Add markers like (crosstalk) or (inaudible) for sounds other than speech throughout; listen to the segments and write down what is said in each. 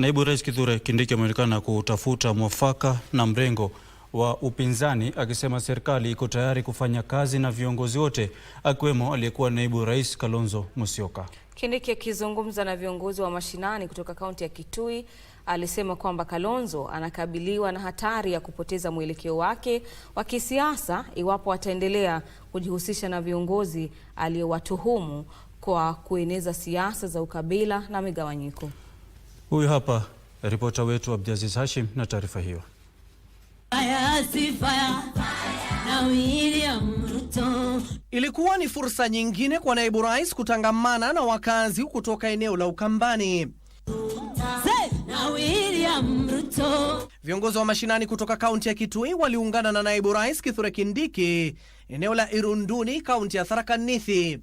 Naibu Rais Kithure Kindiki ameonekana kutafuta mwafaka na mrengo wa upinzani akisema serikali iko tayari kufanya kazi na viongozi wote akiwemo aliyekuwa Naibu Rais Kalonzo Musyoka. Kindiki akizungumza na viongozi wa mashinani kutoka kaunti ya Kitui alisema kwamba Kalonzo anakabiliwa na hatari ya kupoteza mwelekeo wake wa kisiasa iwapo ataendelea kujihusisha na viongozi aliyowatuhumu kwa kueneza siasa za ukabila na migawanyiko. Huyu hapa ripota wetu Abdiaziz Hashim na taarifa hiyo. Ilikuwa ni fursa nyingine kwa naibu rais kutangamana na wakazi kutoka eneo la Ukambani. Viongozi wa mashinani kutoka kaunti ya Kitui waliungana na naibu rais Kithure Kindiki eneo la Irunduni, kaunti ya Tharaka Nithi.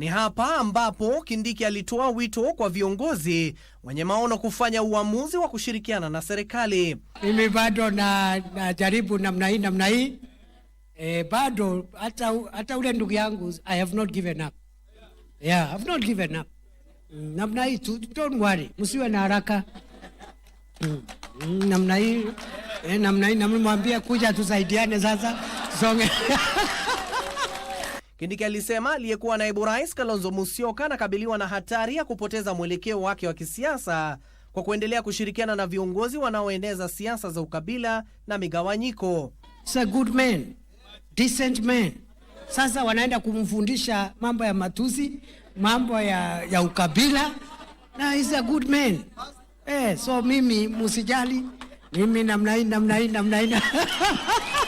Ni hapa ambapo Kindiki alitoa wito kwa viongozi wenye maono kufanya uamuzi wa kushirikiana na serikali. Mimi bado najaribu na namna hii namna hii e, bado hata, hata ule ndugu yangu I have not given up. Yeah, I have not given up. Mm, namna hii tu, don't worry, msiwe na haraka mm, mm, namna hii eh, namna hii namwambia kuja tusaidiane sasa songe (laughs) Kindiki alisema aliyekuwa naibu rais Kalonzo Musyoka anakabiliwa na hatari ya kupoteza mwelekeo wake wa kisiasa kwa kuendelea kushirikiana na viongozi wanaoeneza siasa za ukabila na migawanyiko. Sasa wanaenda kumfundisha mambo ya matusi, mambo ya, ya ukabila na he's a good man. Eh, so mimi msijali mimi namna hii namna hii namna hii (laughs)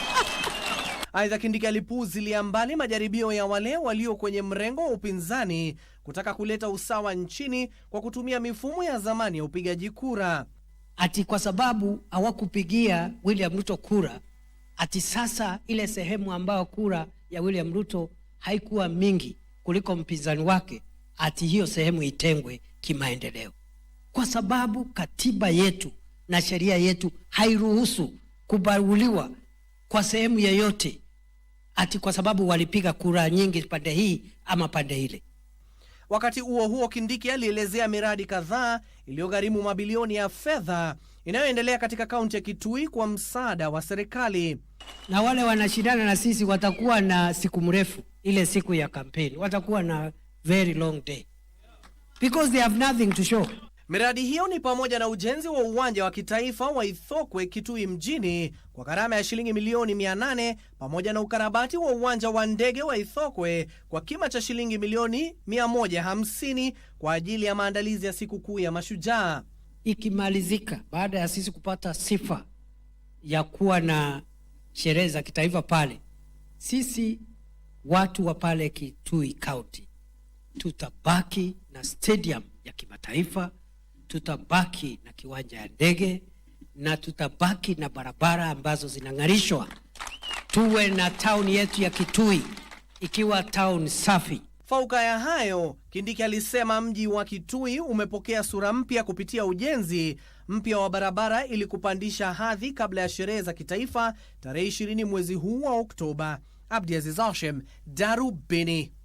Isaac Ndike alipuuzilia mbali majaribio ya wale walio kwenye mrengo wa upinzani kutaka kuleta usawa nchini kwa kutumia mifumo ya zamani ya upigaji kura, ati kwa sababu hawakupigia William Ruto kura, ati sasa ile sehemu ambayo kura ya William Ruto haikuwa mingi kuliko mpinzani wake, ati hiyo sehemu itengwe kimaendeleo, kwa sababu katiba yetu na sheria yetu hairuhusu kubaguliwa kwa sehemu yeyote ati kwa sababu walipiga kura nyingi pande hii ama pande ile. Wakati huo huo, Kindiki alielezea miradi kadhaa iliyogharimu mabilioni ya fedha inayoendelea katika kaunti ya Kitui kwa msaada wa serikali. Na wale wanashindana na sisi watakuwa na siku mrefu, ile siku ya kampeni watakuwa na very long day because they have nothing to show. Miradi hiyo ni pamoja na ujenzi wa uwanja wa kitaifa wa Ithokwe Kitui mjini kwa gharama ya shilingi milioni 800 pamoja na ukarabati wa uwanja wa ndege wa Ithokwe kwa kima cha shilingi milioni 150 kwa ajili ya maandalizi ya sikukuu ya Mashujaa. Ikimalizika baada ya sisi kupata sifa ya kuwa na sherehe za kitaifa pale, sisi watu wa pale Kitui County tutabaki na stadium ya kimataifa tutabaki na kiwanja ya ndege na tutabaki na barabara ambazo zinang'arishwa. Tuwe na tauni yetu ya Kitui ikiwa tauni safi. Fauka ya hayo, Kindiki alisema mji wa Kitui umepokea sura mpya kupitia ujenzi mpya wa barabara ili kupandisha hadhi kabla ya sherehe za kitaifa tarehe 20 mwezi huu wa Oktoba. Abdiaziz Hashim, Darubini.